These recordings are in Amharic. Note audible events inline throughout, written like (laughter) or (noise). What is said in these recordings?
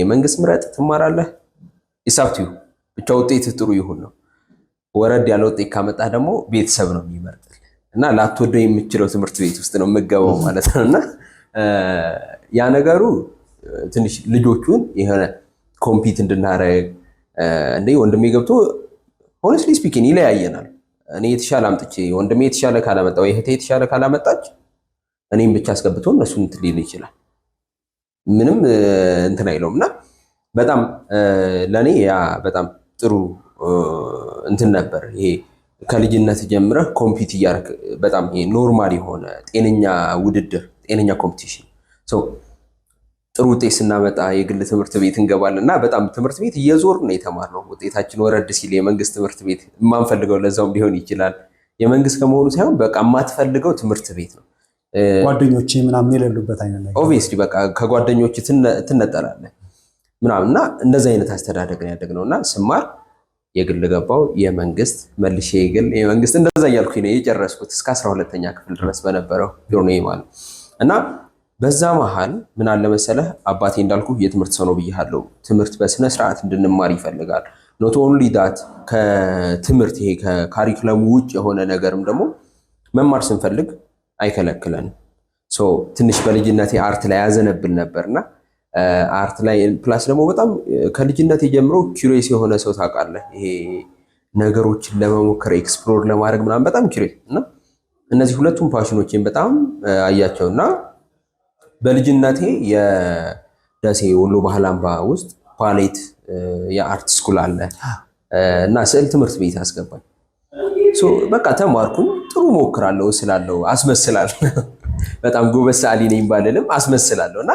የመንግስት ምረጥ ትማራለህ። ኢሳብቲው ብቻ ውጤት ጥሩ ይሁን ነው። ወረድ ያለ ውጤት ካመጣ ደግሞ ቤተሰብ ነው የሚመርጥልህ እና ላትወደው የምችለው ትምህርት ቤት ውስጥ ነው የምገባው ማለት ነው እና ያ ነገሩ ትንሽ ልጆቹን የሆነ ኮምፒት እንድናረግ እንደ ወንድሜ ገብቶ ሆነስትሊ ስፒኪንግ ይለያየናል። እኔ የተሻለ አምጥቼ ወንድሜ የተሻለ ካላመጣ ወይ እህቴ የተሻለ ካላመጣች እኔም ብቻ አስገብቶ እነሱን ትልል ይችላል። ምንም እንትን አይለውም እና በጣም ለእኔ ያ በጣም ጥሩ እንትን ነበር። ይሄ ከልጅነት ጀምረህ ኮምፒት እያደረክ በጣም ኖርማል የሆነ ጤነኛ ውድድር፣ ጤነኛ ኮምፒቲሽን ጥሩ ውጤት ስናመጣ የግል ትምህርት ቤት እንገባለን እና በጣም ትምህርት ቤት እየዞር ነው የተማርነው። ውጤታችን ወረድ ሲል የመንግስት ትምህርት ቤት የማንፈልገው ለዛውም ሊሆን ይችላል የመንግስት ከመሆኑ ሳይሆን በቃ የማትፈልገው ትምህርት ቤት ነው። ጓደኞቼ ምናምን የሌሉበት አይነት ነገር ኦብቪየስሊ በቃ ከጓደኞቼ ትነጠላለህ ምናምን እና እንደዚህ አይነት አስተዳደግን ያደግነው እና ስማር የግል ገባው የመንግስት መልሼ የግል የመንግስት እንደዛ እያልኩኝ ነው የጨረስኩት እስከ አስራ ሁለተኛ ክፍል ድረስ በነበረው ጆርኔ ማለት እና በዛ መሀል ምን አለ መሰለህ አባቴ እንዳልኩ የትምህርት ሰው ነው ብያለሁ። ትምህርት በስነ ስርዓት እንድንማር ይፈልጋል። ኖት ኦንሊ ዳት ከትምህርት ይሄ ከካሪክለሙ ውጭ የሆነ ነገርም ደግሞ መማር ስንፈልግ አይከለክለንም። ትንሽ በልጅነቴ አርት ላይ ያዘነብል ነበርና አርት ላይ ፕላስ ደግሞ በጣም ከልጅነቴ ጀምሮ ኪሬስ የሆነ ሰው ታውቃለህ። ይሄ ነገሮችን ለመሞከር ኤክስፕሎር ለማድረግ ምናምን በጣም ኪሬስ እና እነዚህ ሁለቱም ፋሽኖችን በጣም አያቸው እና በልጅነቴ የደሴ ወሎ ባህል አምባ ውስጥ ፓሌት የአርት ስኩል አለ እና ስዕል ትምህርት ቤት አስገባኝ። በቃ ተማርኩኝ። ጥሩ ሞክራለሁ ስላለው አስመስላለሁ። በጣም ጎበዝ ሰዓሊ ነኝ ባልልም አስመስላለሁ እና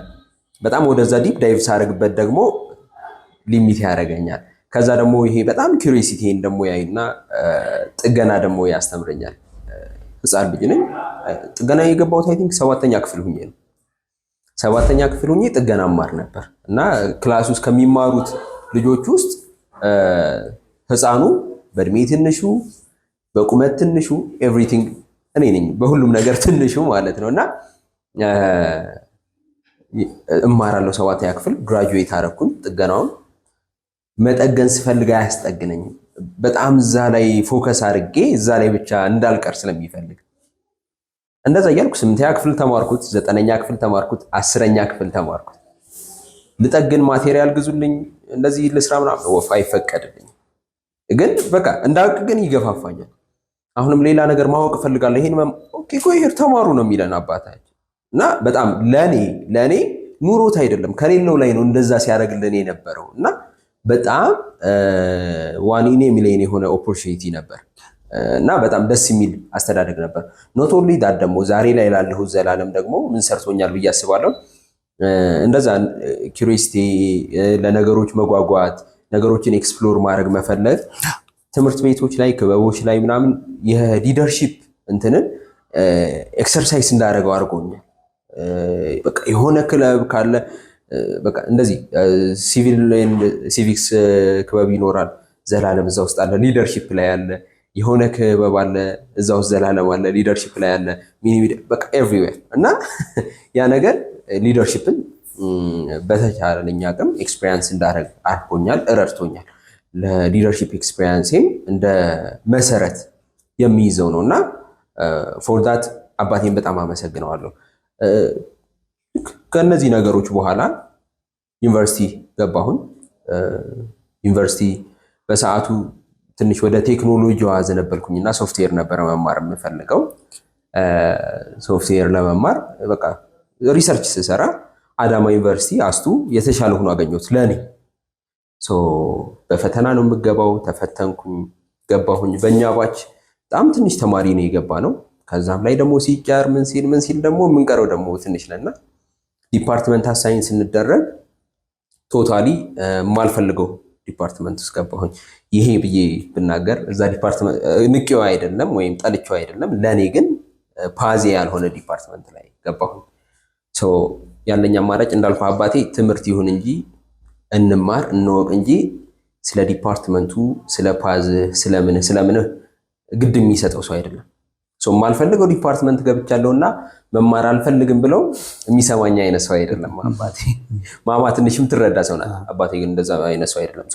በጣም ወደዛ ዲፕ ዳይቭ ሳደርግበት ደግሞ ሊሚት ያደርገኛል። ከዛ ደግሞ ይሄ በጣም ኪሪሲቲን ደግሞ ያይና ጥገና ደግሞ ያስተምረኛል። ህፃን ልጅ ነኝ። ጥገና የገባሁት አይ ቲንክ ሰባተኛ ክፍል ሁኜ ነው። ሰባተኛ ክፍል ሁኜ ጥገና ማር ነበር እና ክላስ ውስጥ ከሚማሩት ልጆች ውስጥ ህፃኑ በእድሜ ትንሹ በቁመት ትንሹ ኤቭሪቲንግ እኔ ነኝ፣ በሁሉም ነገር ትንሹ ማለት ነው። እና እማራለሁ ሰባተኛ ክፍል ግራጁዌት አረኩኝ። ጥገናውን መጠገን ስፈልግ አያስጠግነኝም። በጣም እዛ ላይ ፎከስ አድርጌ እዛ ላይ ብቻ እንዳልቀር ስለሚፈልግ እንደዛ እያልኩ ስምንተኛ ክፍል ተማርኩት፣ ዘጠነኛ ክፍል ተማርኩት፣ አስረኛ ክፍል ተማርኩት። ልጠግን ማቴሪያል ግዙልኝ፣ እንደዚህ ልስራ ምናምን ወፋ አይፈቀድልኝ። ግን በቃ እንዳውቅ ግን ይገፋፋኛል። አሁንም ሌላ ነገር ማወቅ እፈልጋለሁ። ይሄን ኦኬ እኮ ተማሩ ነው የሚለን አባታችን እና በጣም ለኔ ለኔ ኑሮት አይደለም ከሌለው ላይ ነው እንደዛ ሲያደርግልን የነበረው እና በጣም ዋን ኢኔ የሚለኝ የሆነ ኦፖርቹኒቲ ነበር እና በጣም ደስ የሚል አስተዳደግ ነበር። ኖት ኦንሊ ዳት ደግሞ ዛሬ ላይ ላለሁ ዘላለም ደግሞ ምን ሰርቶኛል ብዬ አስባለሁ። እንደዛ ኪሪስቲ ለነገሮች መጓጓት፣ ነገሮችን ኤክስፕሎር ማድረግ መፈለግ ትምህርት ቤቶች ላይ ክበቦች ላይ ምናምን የሊደርሺፕ እንትንን ኤክሰርሳይዝ እንዳደረገው አድርጎኛል። በቃ የሆነ ክለብ ካለ በቃ እንደዚህ ሲቪል ሲቪክስ ክበብ ይኖራል። ዘላለም እዛ ውስጥ አለ፣ ሊደርሺፕ ላይ አለ። የሆነ ክበብ አለ፣ እዛ ውስጥ ዘላለም አለ፣ ሊደርሺፕ ላይ አለ። ሚኒ በቃ ኤቭሪዌር እና (laughs) ያ ነገር ሊደርሺፕን በተቻለኝ አቅም ኤክስፔሪንስ እንዳደረግ አድርጎኛል፣ ረድቶኛል። ለሊደርሺፕ ኤክስፔሪንሴም እንደ መሰረት የሚይዘው ነው እና ፎር ዳት አባቴን በጣም አመሰግነዋለሁ። ከእነዚህ ነገሮች በኋላ ዩኒቨርሲቲ ገባሁን። ዩኒቨርሲቲ በሰዓቱ ትንሽ ወደ ቴክኖሎጂ አዘነበልኩኝ እና ሶፍትዌር ነበረ መማር የምፈልገው። ሶፍትዌር ለመማር በቃ ሪሰርች ስሰራ አዳማ ዩኒቨርሲቲ አስቱ የተሻለ ሆኖ አገኘሁት ለእኔ በፈተና ነው የምገባው። ተፈተንኩ ገባሁኝ። በእኛ ባች በጣም ትንሽ ተማሪ ነው የገባ ነው። ከዛም ላይ ደግሞ ሲጫር ምን ሲል ምን ሲል ደግሞ የምንቀረው ደግሞ ትንሽ ነና ዲፓርትመንት አሳይን ስንደረግ ቶታሊ የማልፈልገው ዲፓርትመንት ውስጥ ገባሁኝ። ይሄ ብዬ ብናገር እዛ ዲፓርትመንት ንቄው አይደለም ወይም ጠልቼው አይደለም፣ ለእኔ ግን ፓዜ ያልሆነ ዲፓርትመንት ላይ ገባሁኝ። ያለኝ አማራጭ እንዳልኩ አባቴ ትምህርት ይሁን እንጂ እንማር እንወቅ እንጂ ስለ ዲፓርትመንቱ፣ ስለ ፓዝ፣ ስለምንህ ስለምን ግድ የሚሰጠው ሰው አይደለም። የማልፈልገው ዲፓርትመንት ገብቻለሁ እና መማር አልፈልግም ብለው የሚሰማኝ አይነት ሰው አይደለም አባቴ። ማማ ትንሽም ትረዳ ሰው ናት። አባቴ ግን እንደዛ አይነት ሰው አይደለም።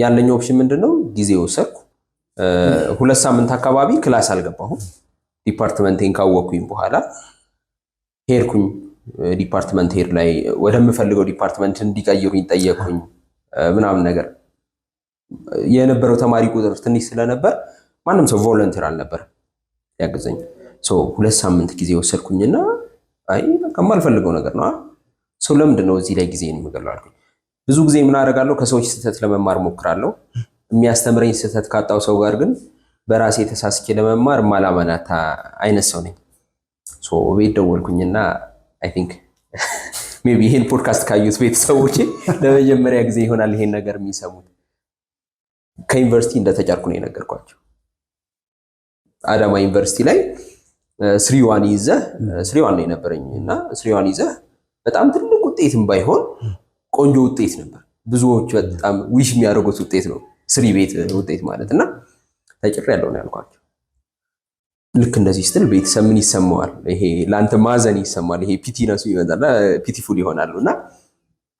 ያለኝ ኦፕሽን ምንድነው ጊዜ ወሰድኩ። ሁለት ሳምንት አካባቢ ክላስ አልገባሁም። ዲፓርትመንቴን ካወቅኩኝ በኋላ ሄድኩኝ ዲፓርትመንት ሄድ ላይ ወደምፈልገው ዲፓርትመንት እንዲቀይሩኝ ጠየቅኩኝ። ምናምን ነገር የነበረው ተማሪ ቁጥር ትንሽ ስለነበር ማንም ሰው ቮለንቲር አልነበር ያገዘኝ። ሁለት ሳምንት ጊዜ ወሰድኩኝና አይ በቃ የማልፈልገው ነገር ነው። ሰው ለምንድን ነው እዚህ ላይ ጊዜ የምገለው አልኩኝ። ብዙ ጊዜ ምን አደርጋለሁ? ከሰዎች ስህተት ለመማር ሞክራለሁ። የሚያስተምረኝ ስህተት ካጣው ሰው ጋር ግን በራሴ ተሳስኬ ለመማር ማላመናታ አይነት ሰው ነኝ። ቤት ደወልኩኝና አይ ቲንክ ሜይ ቢ ይህን ፖድካስት ካዩት ቤተሰቦቼ ለመጀመሪያ ጊዜ ይሆናል ይሄን ነገር የሚሰሙት። ከዩኒቨርሲቲ እንደተጫርኩ ነው የነገርኳቸው። አዳማ ዩኒቨርሲቲ ላይ ስሪዋን ይዘህ ስሪዋን ነው የነበረኝ እና ስሪዋን ይዘህ በጣም ትልቅ ውጤትም ባይሆን ቆንጆ ውጤት ነበር። ብዙዎች በጣም ዊሽ የሚያደርጉት ውጤት ነው ስሪ ቤት ውጤት ማለት እና ተጭሬ ያለው ነው ያልኳቸው። ልክ እንደዚህ ስትል ቤተሰብ ምን ይሰማዋል? ይሄ ለአንተ ማዘን ይሰማዋል። ይሄ ፒቲነሱ ይመጣል፣ ፒቲፉል ይሆናሉ እና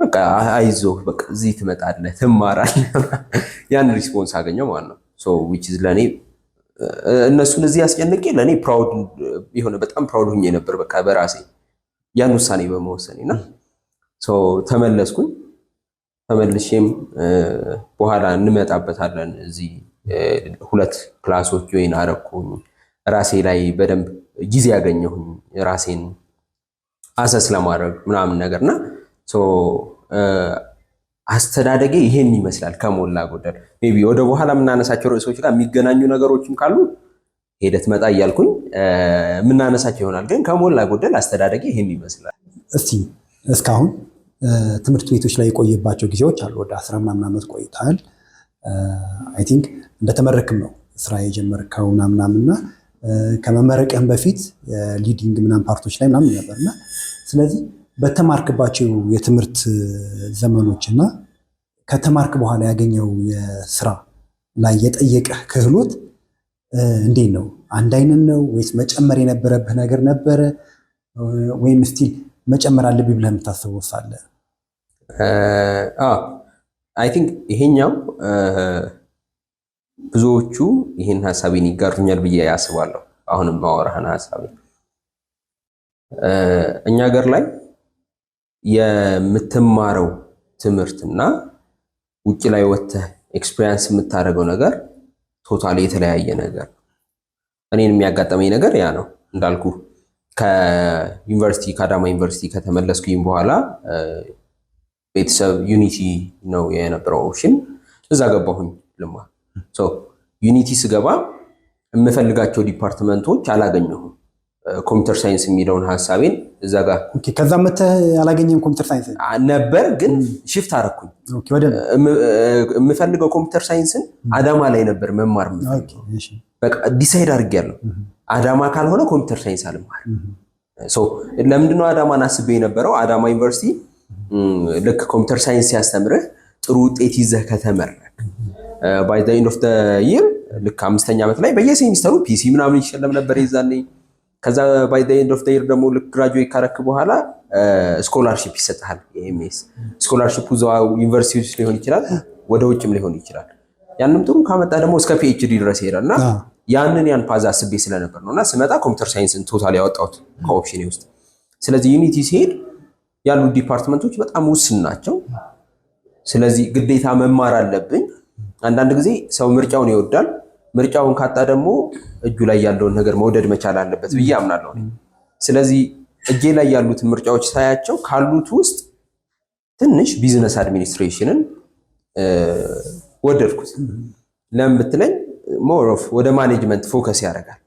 በቃ አይዞህ፣ በቃ እዚህ ትመጣለህ፣ ትማራለህ። (laughs) ያን ሪስፖንስ አገኘው ማለት ነው። ሶ ዊች ኢዝ ለእኔ እነሱን እዚህ ያስጨንቄ ለእኔ ፕራውድ የሆነ በጣም ፕራውድ ሁኜ ነበር፣ በቃ በራሴ ያን ውሳኔ በመወሰኔ እና ሶ ተመለስኩኝ። ተመልሼም በኋላ እንመጣበታለን እዚህ ሁለት ክላሶች ወይን አረኩኝ ራሴ ላይ በደንብ ጊዜ ያገኘሁኝ ራሴን አሰስ ለማድረግ ምናምን ነገርና አስተዳደጌ ይሄን ይመስላል ከሞላ ጎደል። ሜይ ቢ ወደ በኋላ የምናነሳቸው ርዕሶች ጋር የሚገናኙ ነገሮችም ካሉ ሄደት መጣ እያልኩኝ የምናነሳቸው ይሆናል። ግን ከሞላ ጎደል አስተዳደጌ ይሄን ይመስላል። እስቲ እስካሁን ትምህርት ቤቶች ላይ የቆየባቸው ጊዜዎች አሉ። ወደ አስራ ምናምን ዓመት ቆይተሃል። አይ ቲንክ እንደተመረክም ነው ስራ የጀመርከው ምናምናምና ከመመረቅህም በፊት ሊዲንግ ምናምን ፓርቶች ላይ ምናምን ነበርና ስለዚህ በተማርክባቸው የትምህርት ዘመኖች እና ከተማርክ በኋላ ያገኘው የስራ ላይ የጠየቀህ ክህሎት እንዴት ነው? አንድ አይነት ነው ወይስ መጨመር የነበረብህ ነገር ነበረ? ወይም ስቲል መጨመር አለብኝ ብለህ የምታስበው ሳለ አይ ቲንክ ይሄኛው ብዙዎቹ ይህን ሀሳቤን ይጋሩኛል ብዬ ያስባለሁ። አሁንም ማወራህን ሀሳቤ እኛ ሀገር ላይ የምትማረው ትምህርትና ውጭ ላይ ወጥተህ ኤክስፒሪያንስ የምታደርገው ነገር ቶታል የተለያየ ነገር እኔን የሚያጋጠመኝ ነገር ያ ነው እንዳልኩ ከዩኒቨርሲቲ ከአዳማ ዩኒቨርሲቲ ከተመለስኩኝ በኋላ ቤተሰብ ዩኒቲ ነው የነበረው ኦፕሽን፣ እዛ ገባሁኝ ልማር ዩኒቲ ስገባ የምፈልጋቸው ዲፓርትመንቶች አላገኘሁም። ኮምፒውተር ሳይንስ የሚለውን ሀሳቤን እዛ ጋር ከዛ አላገኘም። ኮምፒውተር ሳይንስ ነበር ግን ሽፍት አረኩኝ። የምፈልገው ኮምፒውተር ሳይንስን አዳማ ላይ ነበር መማር በቃ ዲሳይድ አድርጌያለሁ። አዳማ ካልሆነ ኮምፒውተር ሳይንስ አልማር። ለምንድነው አዳማን አስቤ የነበረው? አዳማ ዩኒቨርሲቲ ልክ ኮምፒውተር ሳይንስ ሲያስተምርህ ጥሩ ውጤት ይዘህ ከተመረቅ ባይ ዘ ኢንድ ኦፍ ዘ ይር ልክ አምስተኛ ዓመት ላይ በየሴሚስተሩ ፒሲ ምናምን ይሸለም ነበር የዛኔ። ከዛ ባይ ዘ ኢንድ ኦፍ ዘ ይር ደግሞ ልክ ግራጁዌት ካረክ በኋላ ስኮላርሺፕ uh, ይሰጥሃል። ኤምኤስ ስኮላርሺፑ እዛው ዩኒቨርሲቲዎች ሊሆን ይችላል፣ ወደ ውጭም ሊሆን ይችላል። ያንም ጥሩ ካመጣ ደግሞ እስከ ፒኤችዲ ድረስ ይሄዳል እና ያንን ያን ፓዝ አስቤ ስለነበር ነው እና ስመጣ ኮምፒውተር ሳይንስን ቶታል ያወጣሁት ከኦፕሽኔ ውስጥ። ስለዚህ ዩኒቲ ሲሄድ ያሉት ዲፓርትመንቶች በጣም ውስን ናቸው። ስለዚህ ግዴታ መማር አለብኝ። አንዳንድ ጊዜ ሰው ምርጫውን ይወዳል። ምርጫውን ካጣ ደግሞ እጁ ላይ ያለውን ነገር መውደድ መቻል አለበት ብዬ አምናለሁ። ስለዚህ እጄ ላይ ያሉትን ምርጫዎች ሳያቸው ካሉት ውስጥ ትንሽ ቢዝነስ አድሚኒስትሬሽንን ወደድኩት። ለምን ብትለኝ ሞር ኦፍ ወደ ማኔጅመንት ፎከስ ያደርጋል።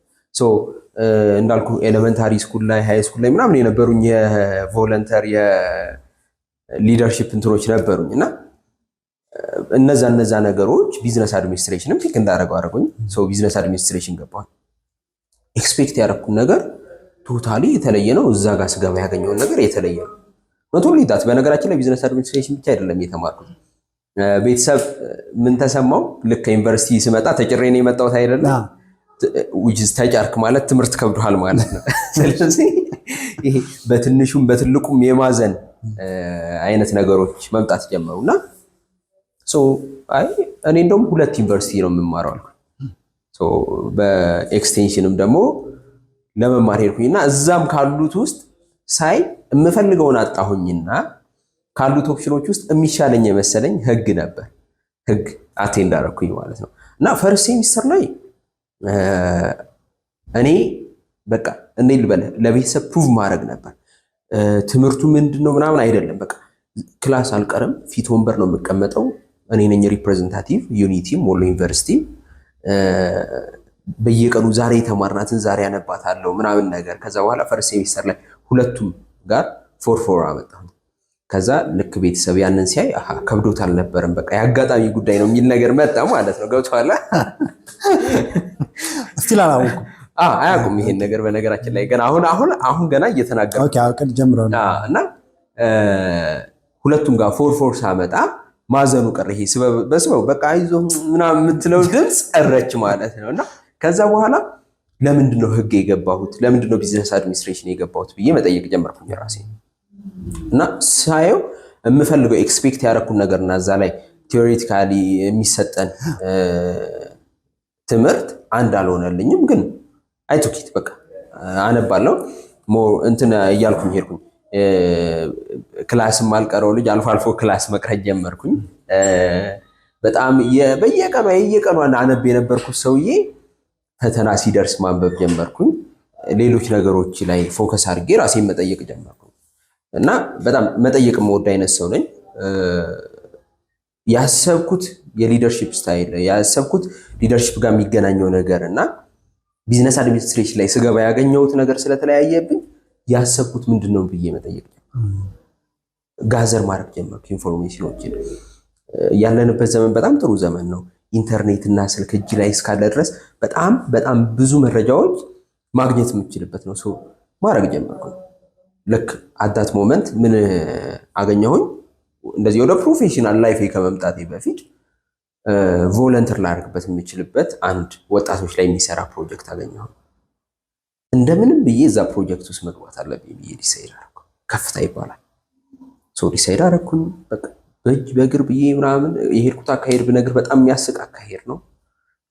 እንዳልኩ ኤሌመንታሪ ስኩል ላይ ሃይ ስኩል ላይ ምናምን የነበሩኝ የቮለንተር የሊደርሽፕ እንትኖች ነበሩኝ እና እነዛ እነዛ ነገሮች ቢዝነስ አድሚኒስትሬሽንም ፒክ እንዳደረገው አደረጉኝ። ሰው ቢዝነስ አድሚኒስትሬሽን ገባል። ኤክስፔክት ያደረኩት ነገር ቶታሊ የተለየ ነው። እዛ ጋር ስገባ ያገኘውን ነገር የተለየ ነው። ኖት ኦንሊ ዳት በነገራችን ላይ ቢዝነስ አድሚኒስትሬሽን ብቻ አይደለም የተማርኩት። ቤተሰብ ምን ተሰማው? ልክ ከዩኒቨርሲቲ ስመጣ ተጭሬ ነው የመጣሁት አይደለም። ተጫርክ ማለት ትምህርት ከብዶሃል ማለት ነው። ስለዚህ በትንሹም በትልቁም የማዘን አይነት ነገሮች መምጣት ጀመሩ እና አይ እኔ እንደውም ሁለት ዩኒቨርሲቲ ነው የምማረው አልኩ። በኤክስቴንሽንም ደግሞ ለመማር ሄድኩኝና እዛም ካሉት ውስጥ ሳይ የምፈልገውን አጣሁኝና ካሉት ኦፕሽኖች ውስጥ የሚሻለኝ የመሰለኝ ህግ ነበር። ህግ አቴንድ አደረኩኝ ማለት ነው። እና ፈርስት ሴሚስተር ላይ እኔ በቃ እኔ ልበልህ ለቤተሰብ ፕሩቭ ማድረግ ነበር። ትምህርቱ ምንድን ነው ምናምን አይደለም። በቃ ክላስ አልቀርም፣ ፊት ወንበር ነው የምቀመጠው እኔ ነኝ ሪፕሬዘንታቲቭ ዩኒቲም ወሎ ዩኒቨርሲቲ በየቀኑ ዛሬ የተማርናትን ዛሬ ያነባታለሁ ምናምን ነገር። ከዛ በኋላ ፈርስ ሴሚስተር ላይ ሁለቱም ጋር ፎር ፎር አመጣሁ። ከዛ ልክ ቤተሰብ ያንን ሲያይ ከብዶት አልነበረም፣ በቃ የአጋጣሚ ጉዳይ ነው የሚል ነገር መጣ ማለት ነው። ገብቶሃል? እስቲል አላወኩም፣ አያውቁም ይሄን ነገር በነገራችን ላይ ገና አሁን አሁን አሁን ገና እየተናገርኩ እና ሁለቱም ጋር ፎር ፎር ሳመጣ ማዘኑ ቀረ። ይሄ በስበብ በቃ ይዞ ምናምን የምትለው ድምፅ ቀረች ማለት ነው። እና ከዛ በኋላ ለምንድን ነው ህግ የገባሁት? ለምንድን ነው ቢዝነስ አድሚኒስትሬሽን የገባሁት ብዬ መጠየቅ ጀመርኩኝ ራሴ እና ሳየው የምፈልገው ኤክስፔክት ያደረኩን ነገር እና እዛ ላይ ቴዎሬቲካሊ የሚሰጠን ትምህርት አንድ አልሆነልኝም። ግን አይቶኪት በቃ አነባለው እንትን እያልኩኝ ሄድኩኝ። ክላስ የማልቀረው ልጅ አልፎ አልፎ ክላስ መቅረት ጀመርኩኝ። በጣም በየቀኑ የየቀኑ አነብ የነበርኩት ሰውዬ ፈተና ሲደርስ ማንበብ ጀመርኩኝ። ሌሎች ነገሮች ላይ ፎከስ አድርጌ ራሴን መጠየቅ ጀመርኩ እና በጣም መጠየቅ መወድ አይነት ሰው ነኝ። ያሰብኩት የሊደርሽፕ ስታይል ያሰብኩት ሊደርሽፕ ጋር የሚገናኘው ነገር እና ቢዝነስ አድሚኒስትሬሽን ላይ ስገባ ያገኘሁት ነገር ስለተለያየብኝ ያሰብኩት ምንድን ነው ብዬ መጠየቅ ጋዘር ማድረግ ጀመርኩ ኢንፎርሜሽኖችን። ያለንበት ዘመን በጣም ጥሩ ዘመን ነው። ኢንተርኔትና ስልክ እጅ ላይ እስካለ ድረስ በጣም በጣም ብዙ መረጃዎች ማግኘት የምችልበት ነው። ማድረግ ጀመርኩ። ልክ አዳት ሞመንት ምን አገኘሁኝ? እንደዚህ ወደ ፕሮፌሽናል ላይፍ ከመምጣቴ በፊት ቮለንተር ላደርግበት የምችልበት አንድ ወጣቶች ላይ የሚሰራ ፕሮጀክት አገኘሁኝ። እንደምንም ብዬ እዛ ፕሮጀክት ውስጥ መግባት አለብኝ ብዬ ዲሳይድ አረኩ። ከፍታ ይባላል ሰው ዲሳይድ በእጅ በእግር ብዬ ምናምን የሄድኩት አካሄድ ብነግር በጣም የሚያስቅ አካሄድ ነው።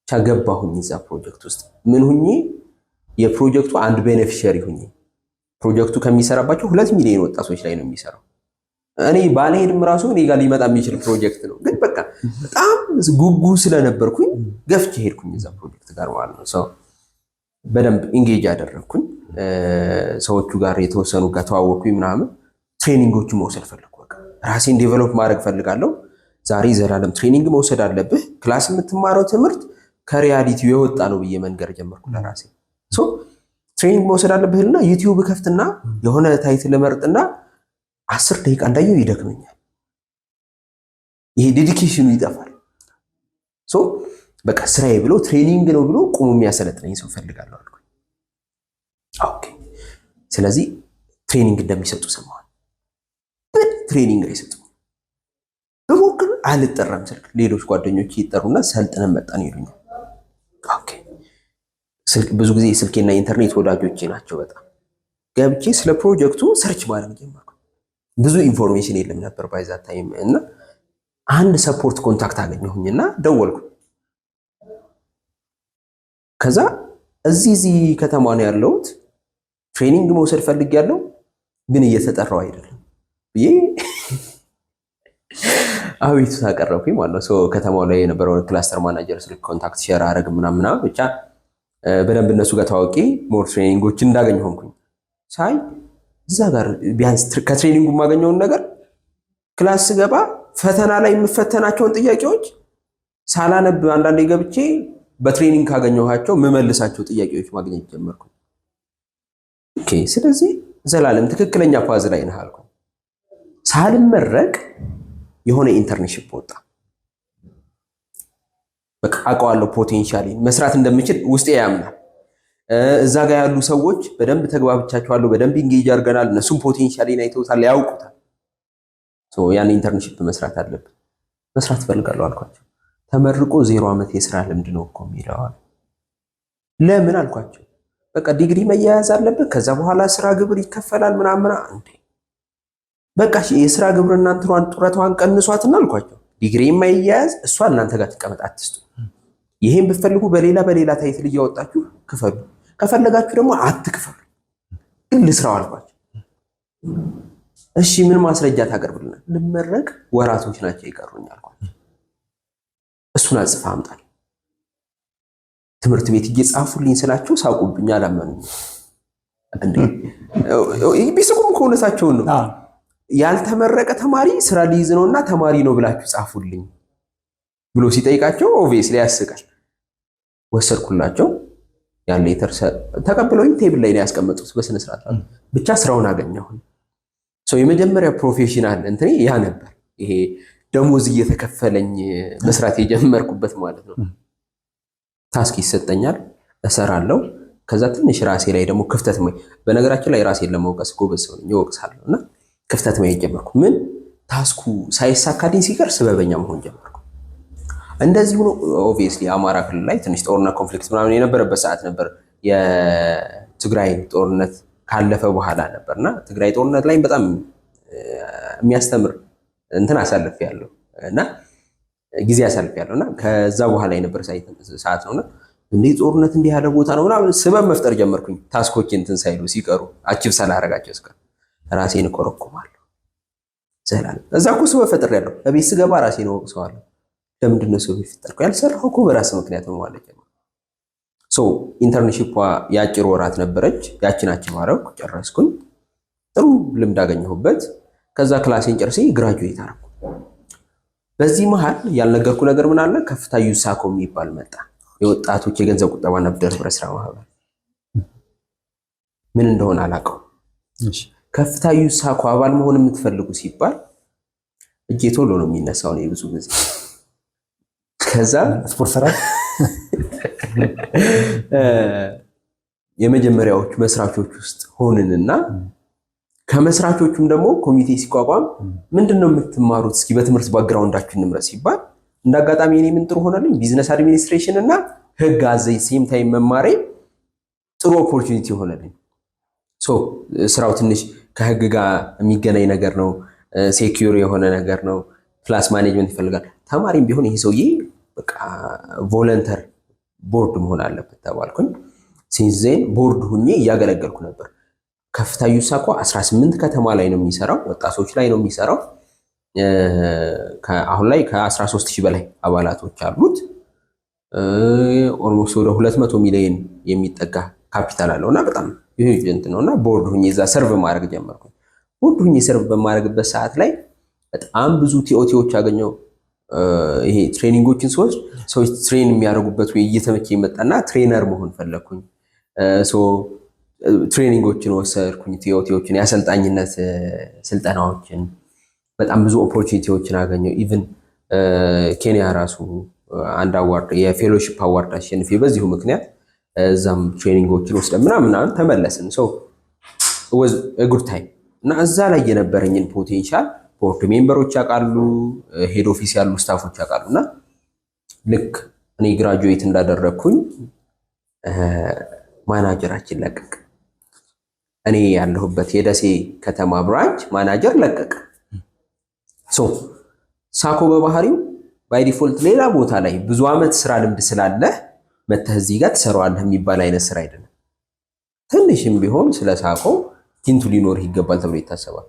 ብቻ ገባሁኝ እዛ ፕሮጀክት ውስጥ ምን ሁኜ የፕሮጀክቱ አንድ ቤኔፊሸሪ ሁኜ ፕሮጀክቱ ከሚሰራባቸው ሁለት ሚሊዮን ወጣቶች ላይ ነው የሚሰራው። እኔ ባልሄድም ራሱ እኔ ጋር ሊመጣ የሚችል ፕሮጀክት ነው፣ ግን በቃ በጣም ጉጉ ስለነበርኩኝ ገፍቼ ሄድኩኝ እዛ ፕሮጀክት ጋር ማለት ነው ሰው በደንብ ኢንጌጅ ያደረግኩኝ ሰዎቹ ጋር የተወሰኑ ጋር ተዋወቅኩኝ ምናምን ትሬኒንጎቹ መውሰድ ፈልግ በቃ ራሴን ዴቨሎፕ ማድረግ ፈልጋለሁ። ዛሬ ዘላለም ትሬኒንግ መውሰድ አለብህ። ክላስ የምትማረው ትምህርት ከሪያሊቲው የወጣ ነው ብዬ መንገር ጀመርኩ ለራሴ። ትሬኒንግ መውሰድ አለብህና ዩቲዩብ ከፍትና የሆነ ታይት መርጥና አስር ደቂቃ እንዳየው ይደክመኛል። ይሄ ዴዲኬሽኑ ይጠፋል። በቃ ስራዬ ብሎ ትሬኒንግ ነው ብሎ ቁሙ የሚያሰለጥነኝ ሰው ፈልጋለሁ አልኩኝ። ኦኬ ስለዚህ ትሬኒንግ እንደሚሰጡ ሰማዋል። ምን ትሬኒንግ ነው በሞክር አልጠራም ስልክ ሌሎች ጓደኞች ይጠሩና ሰልጥነን መጣን ይሉኛል። ኦኬ ስልክ ብዙ ጊዜ ስልኬና ኢንተርኔት ወዳጆቼ ናቸው። በጣም ገብቼ ስለ ፕሮጀክቱ ሰርች ማድረግ ጀመርኩ። ብዙ ኢንፎርሜሽን የለም ነበር ባይዛ ታይም እና አንድ ሰፖርት ኮንታክት አገኘሁኝና ደወልኩ። ከዛ እዚህ እዚህ ከተማ ነው ያለሁት ትሬኒንግ መውሰድ ፈልግ ያለው ግን እየተጠራው አይደለም ብዬ (laughs) አቤቱ ታቀረብኩ ማለት ነው። ከተማው ላይ የነበረው ክላስተር ማናጀር ስልክ ኮንታክት ሼር አረግ ምናምና ብቻ በደንብ እነሱ ጋር ታዋቂ ሞር ትሬኒንጎች እንዳገኝ ሆንኩኝ። ሳይ እዛ ጋር ቢያንስ ከትሬኒንጉ የማገኘውን ነገር ክላስ ስገባ ፈተና ላይ የምፈተናቸውን ጥያቄዎች ሳላነብ አንዳንዴ ገብቼ በትሬኒንግ ካገኘኋቸው የምመልሳቸው ጥያቄዎች ማግኘት ጀመርኩ። ስለዚህ ዘላለም ትክክለኛ ፋዝ ላይ ነህ አልኩ። ሳልመረቅ የሆነ ኢንተርንሽፕ ወጣ። በቃ አውቀዋለሁ ፖቴንሻሊ መስራት እንደምችል ውስጤ ያምናል። እዛ ጋር ያሉ ሰዎች በደንብ ተግባብቻቸዋለሁ፣ በደንብ ኢንጌጅ አድርገናል። እነሱም ፖቴንሻሊን አይተውታል፣ ያውቁታል። ያን ኢንተርንሽፕ መስራት አለብን፣ መስራት እፈልጋለሁ አልኳቸው። ተመርቆ ዜሮ ዓመት የስራ ልምድ ነው እኮ የሚለዋል። ለምን አልኳቸው። በቃ ዲግሪ መያያዝ አለበት፣ ከዛ በኋላ ስራ ግብር ይከፈላል ምናምን። እንዴ በቃ የስራ ግብር እናንትን ጡረቷን ቀንሷትና አልኳቸው። ዲግሪ የማይያያዝ እሷ እናንተ ጋር ትቀመጥ አትስጡ። ይሄን ብትፈልጉ በሌላ በሌላ ታይትል እያወጣችሁ ክፈሉ፣ ከፈለጋችሁ ደግሞ አትክፈሉ። ግን ልስራው አልኳቸው። እሺ ምን ማስረጃ ታቀርብልናል? ልመረቅ ወራቶች ናቸው ይቀሩኛል እሱን አጽፋ አምጣል። ትምህርት ቤት እየጻፉልኝ ስላቸው ሳቁብኝ፣ አላመኑ ቢስቁም ከእውነታቸውን ነው። ያልተመረቀ ተማሪ ስራ ሊይዝ ነው እና ተማሪ ነው ብላችሁ ጻፉልኝ ብሎ ሲጠይቃቸው ኦብቪየስሊ ያስቃል። ወሰድኩላቸው ያን ሌተር ተቀብለውኝ ቴብል ላይ ነው ያስቀመጡት በስነ ስርዓት። ብቻ ስራውን አገኘሁኝ። የመጀመሪያ ፕሮፌሽናል እንትኔ ያ ነበር ይሄ ደሞዝ እየተከፈለኝ መስራት የጀመርኩበት ማለት ነው። ታስክ ይሰጠኛል፣ እሰራለሁ። ከዛ ትንሽ ራሴ ላይ ደግሞ ክፍተት ማይ በነገራችን ላይ ራሴን ለመውቀስ ጎበዝ ሰው ነኝ፣ እወቅሳለሁ እና ክፍተት ማየት ጀመርኩ። ምን ታስኩ ሳይሳካልኝ ሲቀር ስበበኛ መሆን ጀመርኩ። እንደዚህ ሆኖ ኦብቪየስሊ አማራ ክልል ላይ ትንሽ ጦርነት ኮንፍሊክት ምናምን የነበረበት ሰዓት ነበር። የትግራይ ጦርነት ካለፈ በኋላ ነበርና ትግራይ ጦርነት ላይ በጣም የሚያስተምር እንትን አሳልፍ ያለው እና ጊዜ አሳልፍ ያለው እና ከዛ በኋላ የነበረ ሰዓት ነውና እንዴ ጦርነት እንዲህ ያለ ቦታ ነው ምናምን ስበብ መፍጠር ጀመርኩኝ። ታስኮችን እንትን ሳይሉ ሲቀሩ አችብ ሳላረጋቸው እስከ ራሴን እኮረኩማለሁ ዘላለ እዛ እኮ ስበብ ፈጥር ያለው እቤት ስገባ ራሴን እወቅሰዋለሁ። ለምንድን ነው ሰው ይፈጠርኩ ያልሰራሁ እኮ በራስ ምክንያት ነው ማለት ነው። ሶ ኢንተርንሺፕ የአጭር ወራት ነበረች። ያችን አችብ አረኩ፣ ጨረስኩኝ። ጥሩ ልምድ አገኘሁበት። ከዛ ክላሴን ጨርሴ ግራጁዌት አደረኩ። በዚህ መሀል ያልነገርኩ ነገር ምን አለ፣ ከፍታ ዩሳኮ የሚባል መጣ። የወጣቶች የገንዘብ ቁጠባና ብድር ህብረት ስራ ማህበር ምን እንደሆነ አላውቀው። ከፍታ ዩሳኮ አባል መሆን የምትፈልጉ ሲባል እጄ ቶሎ ነው የሚነሳው ነው ብዙ ጊዜ። ከዛ ስፖርት ስራ (laughs) የመጀመሪያዎቹ መስራቾች ውስጥ ሆንንና ከመስራቾቹም ደግሞ ኮሚቴ ሲቋቋም ምንድን ነው የምትማሩት? እስኪ በትምህርት ባግራውንዳችሁ እንምረስ ሲባል እንደ አጋጣሚ እኔ ምን ጥሩ ሆነልኝ፣ ቢዝነስ አድሚኒስትሬሽን እና ህግ አዘይ ሴም ታይም መማሬ ጥሩ ኦፖርቹኒቲ ሆነልኝ። ስራው ትንሽ ከህግ ጋር የሚገናኝ ነገር ነው፣ ሴኪዩር የሆነ ነገር ነው፣ ፕላስ ማኔጅመንት ይፈልጋል። ተማሪም ቢሆን ይሄ ሰውዬ በቃ ቮለንተር ቦርድ መሆን አለበት ተባልኩኝ። ሲንዜን ቦርድ ሁኜ እያገለገልኩ ነበር። ከፍታ ዩሳኮ 18 ከተማ ላይ ነው የሚሰራው፣ ወጣቶች ላይ ነው የሚሰራው። አሁን ላይ ከ13 ሺህ በላይ አባላቶች አሉት። ኦልሞስት ወደ 200 ሚሊዮን የሚጠጋ ካፒታል አለው እና በጣም ይሄ ነው እና ቦርድ ሁኜ እዛ ሰርቭ ማድረግ ጀመርኩ። ቦርድ ሁኜ ሰርቭ በማድረግበት ሰዓት ላይ በጣም ብዙ ቲኦቲዎች አገኘው። ይሄ ትሬኒንጎችን ስወስድ ሰዎች ትሬን የሚያደርጉበት ወይ እየተመቸኝ መጣና ትሬነር መሆን ፈለግኩኝ። ትሬኒንጎችን ወሰድኩኝ፣ ቲዮቲዎችን፣ የአሰልጣኝነት ስልጠናዎችን በጣም ብዙ ኦፖርቹኒቲዎችን አገኘው። ኢቨን ኬንያ ራሱ አንድ አዋርድ የፌሎሺፕ አዋርድ አሸንፌ በዚሁ ምክንያት እዛም ትሬኒንጎችን ወስደ ምናምን ተመለስን። ሰው ጉድ ታይም እና እዛ ላይ የነበረኝን ፖቴንሻል ቦርድ ሜምበሮች ያውቃሉ፣ ሄድ ኦፊስ ያሉ ስታፎች ያውቃሉ። እና ልክ እኔ ግራጁዌት እንዳደረግኩኝ ማናጀራችን ለቀቅ እኔ ያለሁበት የደሴ ከተማ ብራንች ማናጀር ለቀቀ። ሳኮ በባህሪው ባይ ዲፎልት ሌላ ቦታ ላይ ብዙ ዓመት ስራ ልምድ ስላለ መተህ እዚህ ጋር ትሰራዋለህ የሚባል አይነት ስራ አይደለም። ትንሽም ቢሆን ስለ ሳኮ ቲንቱ ሊኖር ይገባል ተብሎ ይታሰባል።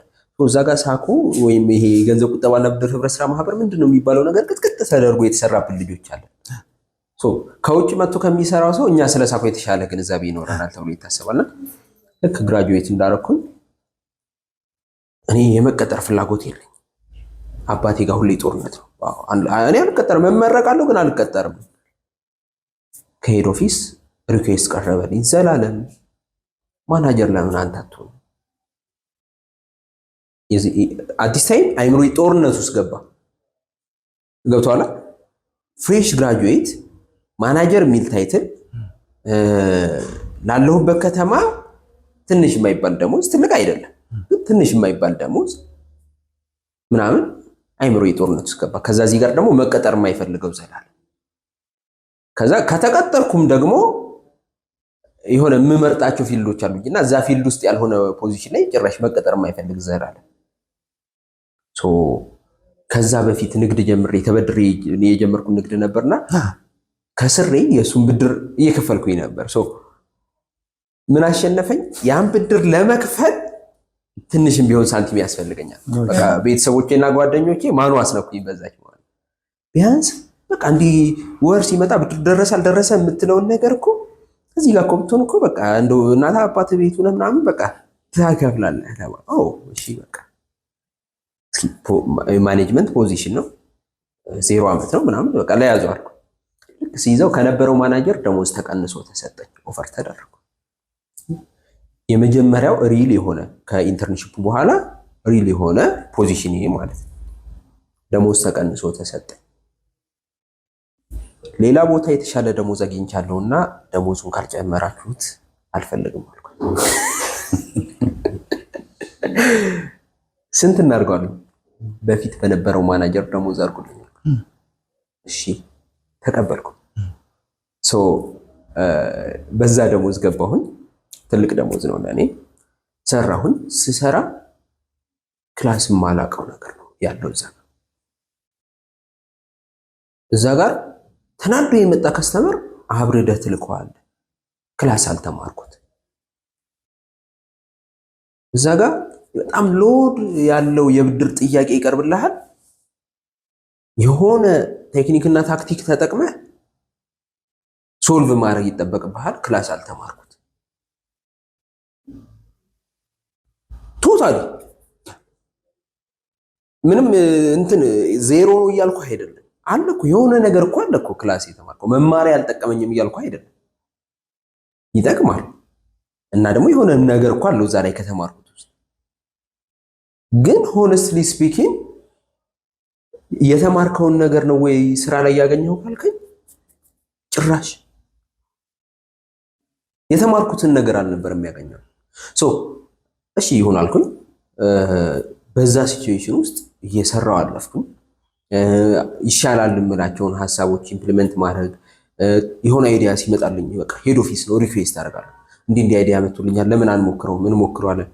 እዛ ጋር ሳኮ ወይም ይሄ የገንዘብ ቁጠባና ብድር ህብረት ስራ ማህበር ምንድን ነው የሚባለው ነገር ቅጥቅጥ ተደርጎ የተሰራብን ልጆች አለ። ከውጭ መጥቶ ከሚሰራው ሰው እኛ ስለ ሳኮ የተሻለ ግንዛቤ ይኖረናል ተብሎ ይታሰባልና ልክ ግራጁዌት እንዳረኩኝ እኔ የመቀጠር ፍላጎት የለኝ። አባቴ ጋር ሁሌ ጦርነት ነው። እኔ አልቀጠርም፣ እመረቃለሁ ግን አልቀጠርም። ከሄድ ኦፊስ ሪኩዌስት ቀረበልኝ። ዘላለም ማናጀር ለምን አንተ አትሆንም? አዲስ ታይም አይምሮ ጦርነት ውስጥ ገባ። ገብቶሃል? ፍሬሽ ግራጁዌት ማናጀር የሚል ታይትል ላለሁበት ከተማ ትንሽ የማይባል ደሞዝ ትልቅ አይደለም፣ ግን ትንሽ የማይባል ደሞዝ ምናምን አይምሮ የጦርነት ውስጥ ገባ። ከዛ እዚህ ጋር ደግሞ መቀጠር የማይፈልገው ዘላለ። ከዛ ከተቀጠርኩም ደግሞ የሆነ የምመርጣቸው ፊልዶች አሉ እና እዛ ፊልድ ውስጥ ያልሆነ ፖዚሽን ላይ ጭራሽ መቀጠር የማይፈልግ ዘላለም ከዛ በፊት ንግድ ጀምሬ ተበድሬ የጀመርኩ ንግድ ነበርና ከስሬ የእሱን ብድር እየከፈልኩኝ ነበር። ምን አሸነፈኝ? ያን ብድር ለመክፈል ትንሽም ቢሆን ሳንቲም ያስፈልገኛል። ቤተሰቦቼና ጓደኞቼ ማኑ አስነኩኝ በዛች ቢያንስ በቃ እንዲህ ወር ሲመጣ ብድር ደረሰ አልደረሰ የምትለውን ነገር እኮ እዚህ ጋር እኮ ብትሆን እኮ በቃ እንደ እናት አባት ቤቱ ነው ምናምን በቃ ታከፍላለህ። እሺ በቃ ማኔጅመንት ፖዚሽን ነው ዜሮ ዓመት ነው ምናምን በቃ ለያዙ አልኩ። ልክ ሲይዘው ከነበረው ማናጀር ደሞዝ ተቀንሶ ተሰጠኝ። ኦፈር ተደረጉ። የመጀመሪያው ሪል የሆነ ከኢንተርንሽፕ በኋላ ሪል የሆነ ፖዚሽን ይሄ ማለት ነው። ደሞዝ ተቀንሶ ተሰጠ። ሌላ ቦታ የተሻለ ደሞዝ አግኝቻለሁ እና ደሞዙን ካልጨመራችሁት አልፈልግም አልኩ። ስንት እናድርገዋለን? በፊት በነበረው ማናጀር ደሞዝ አድርጉልኝ። እሺ ተቀበልኩ። በዛ ደሞዝ ገባሁኝ። ትልቅ ደሞዝ ነው። ለእኔ ሰራሁን። ስሰራ ክላስ ማላቀው ነገር ነው ያለው እዛ ጋር እዛ ጋር ተናዶ የመጣ ከስተመር አብርደህ ትልከዋለህ። ክላስ አልተማርኩት እዛ ጋር በጣም ሎድ ያለው የብድር ጥያቄ ይቀርብልሃል። የሆነ ቴክኒክና ታክቲክ ተጠቅመህ ሶልቭ ማድረግ ይጠበቅብሃል። ክላስ አልተማርኩም። ቶታሊ ምንም እንትን ዜሮ ነው እያልኩ አይደለም። አለ እኮ የሆነ ነገር እኮ አለ እኮ ክላስ የተማርከው መማሪያ አልጠቀመኝም እያልኩ አይደለም። ይጠቅማል እና ደግሞ የሆነ ነገር እኮ አለው እዛ ላይ ከተማርኩት ውስጥ። ግን ሆነስትሊ ስፒኪንግ የተማርከውን ነገር ነው ወይ ስራ ላይ ያገኘው ካልከኝ ጭራሽ የተማርኩትን ነገር አልነበረም ያገኘው እሺ ይሁን አልኩኝ። በዛ ሲቹዌሽን ውስጥ እየሰራው አለፍኩም። ይሻላል የምላቸውን ሀሳቦች ኢምፕሊመንት ማድረግ የሆነ አይዲያ ሲመጣልኝ በቃ ሄድ ኦፊስ ነው ሪኩዌስት አደርጋለሁ። እንዲህ እንዲህ አይዲያ መጥቶልኛል፣ ለምን አንሞክረው? ምን ሞክረዋለን?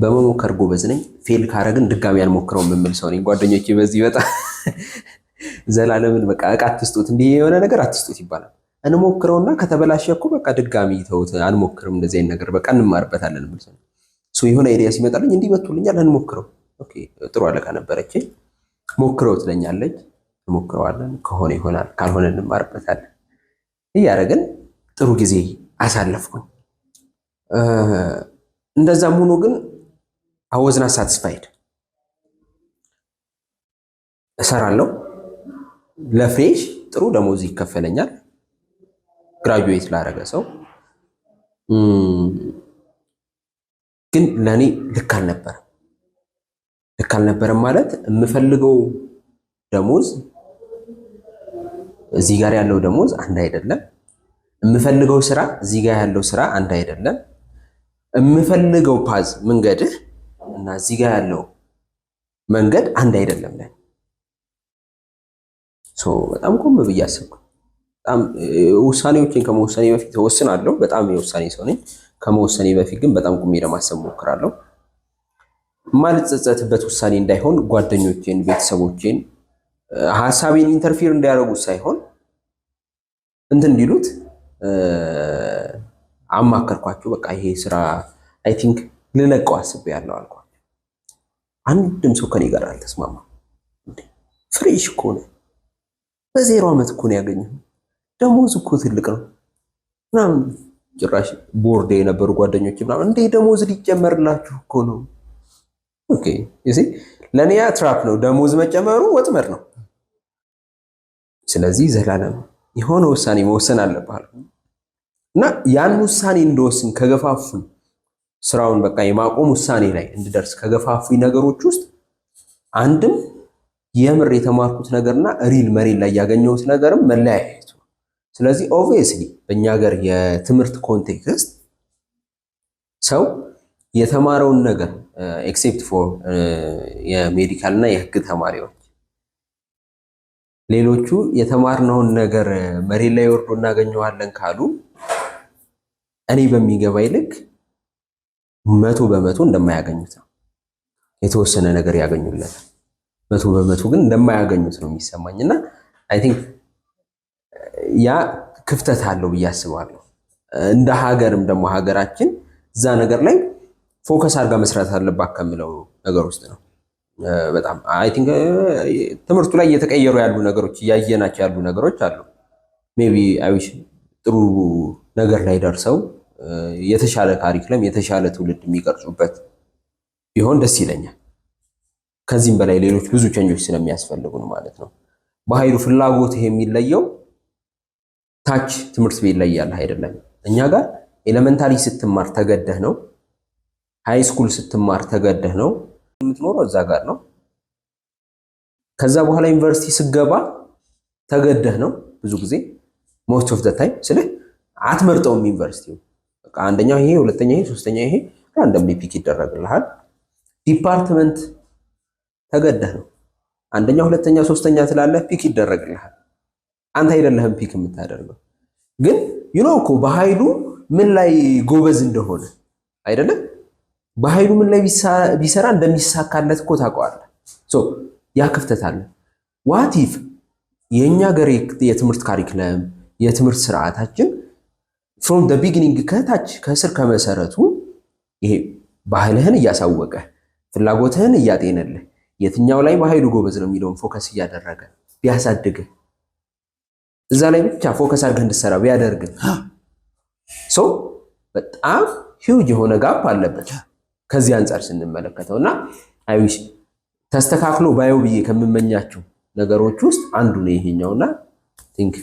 በመሞከር ጎበዝ ነኝ። ፌል ካረግን ድጋሚ አንሞክረው የምምል ሰው ነኝ። ጓደኞቼ በዚህ በጣም ዘላለምን በቃ እቃ አትስጡት፣ እንዲህ የሆነ ነገር አትስጡት ይባላል። እንሞክረውና ከተበላሸ እኮ በቃ ድጋሚ ተውት፣ አንሞክርም፣ እንደዚህ አይነት ነገር በቃ እንማርበታለን ብለህ ነው። የሆነ አይዲያ ሲመጣልኝ እንዲህ መቶልኛል፣ እንሞክረው። ኦኬ ጥሩ አለቃ ነበረች፣ ሞክረው ትለኛለች፣ እንሞክረዋለን። ከሆነ ይሆናል፣ ካልሆነ እንማርበታለን እያደረግን ጥሩ ጊዜ አሳለፍኩኝ። እንደዛም ሆኖ ግን አወዝና ሳትስፋይድ እሰራለሁ ለፍሬሽ ጥሩ ደሞዝ ይከፈለኛል። ግራጁዌት ላደረገ ሰው ግን ለእኔ ልክ አልነበረም። ልክ አልነበረም ማለት የምፈልገው ደሞዝ እዚህ ጋር ያለው ደሞዝ አንድ አይደለም። የምፈልገው ስራ እዚህ ጋር ያለው ስራ አንድ አይደለም። የምፈልገው ፓዝ መንገድህ እና እዚህ ጋር ያለው መንገድ አንድ አይደለም። ላይ ሶ በጣም ቆም ብዬ አሰብኩ። በጣም ውሳኔዎችን ከመወሰኔ በፊት እወስናለሁ። በጣም የውሳኔ ሰው ነኝ። ከመወሰኔ በፊት ግን በጣም ቁሜ ለማሰብ ሞክራለሁ። ማልጸጸትበት ውሳኔ እንዳይሆን ጓደኞቼን፣ ቤተሰቦቼን ሀሳቤን ኢንተርፊር እንዳያደርጉት ሳይሆን እንትን እንዲሉት አማከርኳቸው። በቃ ይሄ ስራ አይ ቲንክ ልለቀው አስቤ ያለው አልኳቸው። አንድም ሰው ከኔ ጋር አልተስማማ። ፍሬሽ እኮ ነው። በዜሮ ዓመት እኮ ነው ደሞዝ እኮ ትልቅ ነው ምናምን ጭራሽ ቦርድ የነበሩ ጓደኞች ምናምን እንዴ ደሞዝ ሊጨመርላችሁ እኮ ነው። ኦኬ ለእኔ ያ ትራፕ ነው። ደሞዝ መጨመሩ ወጥመድ ነው። ስለዚህ ዘላለም የሆነ ውሳኔ መወሰን አለብህ እና ያን ውሳኔ እንደወስን ከገፋፉኝ ስራውን በቃ የማቆም ውሳኔ ላይ እንድደርስ ከገፋፉኝ ነገሮች ውስጥ አንድም የምር የተማርኩት ነገርና ሪል መሬት ላይ ያገኘሁት ነገርም መለያየ ስለዚህ ኦብቪየስሊ በእኛ ሀገር የትምህርት ኮንቴክስት ሰው የተማረውን ነገር ኤክሴፕት uh, ፎር uh, የሜዲካል እና የህግ ተማሪዎች ሌሎቹ የተማርነውን ነገር uh, መሬት ላይ ወርዶ እናገኘዋለን ካሉ እኔ በሚገባ ይልክ መቶ በመቶ እንደማያገኙት ነው። የተወሰነ ነገር ያገኙለታል። መቶ በመቶ ግን እንደማያገኙት ነው የሚሰማኝ እና አይ ቲንክ ያ ክፍተት አለው ብዬ አስባለሁ። እንደ ሀገርም ደግሞ ሀገራችን እዛ ነገር ላይ ፎከስ አድርጋ መስራት አለባት ከምለው ነገር ውስጥ ነው። በጣም አይ ቲንክ ትምህርቱ ላይ እየተቀየሩ ያሉ ነገሮች እያየናቸው ያሉ ነገሮች አሉ። ሜይ ቢ አይዊሽ ጥሩ ነገር ላይ ደርሰው የተሻለ ካሪክለም የተሻለ ትውልድ የሚቀርጹበት ቢሆን ደስ ይለኛል። ከዚህም በላይ ሌሎች ብዙ ቸንጆች ስለሚያስፈልጉ ማለት ነው። በሀይሉ ፍላጎት ይሄ የሚለየው ታች ትምህርት ቤት ላይ ያለህ አይደለም። እኛ ጋር ኤሌመንታሪ ስትማር ተገደህ ነው፣ ሃይ ስኩል ስትማር ተገደህ ነው። የምትኖረው እዛ ጋር ነው። ከዛ በኋላ ዩኒቨርሲቲ ስገባ ተገደህ ነው። ብዙ ጊዜ ሞስት ኦፍ ዘ ታይም ስልህ አትመርጠውም ዩኒቨርሲቲ በቃ አንደኛ ይሄ፣ ሁለተኛ ይሄ፣ ሶስተኛ ይሄ፣ ራንደምሊ ፒክ ይደረግልሃል። ዲፓርትመንት ተገደህ ነው። አንደኛ፣ ሁለተኛ፣ ሶስተኛ ስላለህ ፒክ ይደረግልሃል። አንተ አይደለህም ፒክ የምታደርገው። ግን ይኖ እኮ በኃይሉ ምን ላይ ጎበዝ እንደሆነ አይደለም። በኃይሉ ምን ላይ ቢሰራ እንደሚሳካለት እኮ ታውቀዋለህ። ያ ክፍተት አለ። ዋቲፍ የእኛ ገር የትምህርት ካሪክለም የትምህርት ስርዓታችን ፍሮም ደ ቢግኒንግ ከታች ከስር ከመሰረቱ ይሄ ባህልህን እያሳወቀ ፍላጎትህን እያጤነልህ የትኛው ላይ በኃይሉ ጎበዝ ነው የሚለውን ፎከስ እያደረገ ቢያሳድግህ እዛ ላይ ብቻ ፎከስ አድርገህ እንድትሰራ ያደርግን ሰው በጣም ሂውጅ የሆነ ጋፕ አለበት ከዚህ አንጻር ስንመለከተው እና አይዊሽ ተስተካክሎ ባየው ብዬ ከምመኛቸው ነገሮች ውስጥ አንዱ ነው ይሄኛውና ቲንክ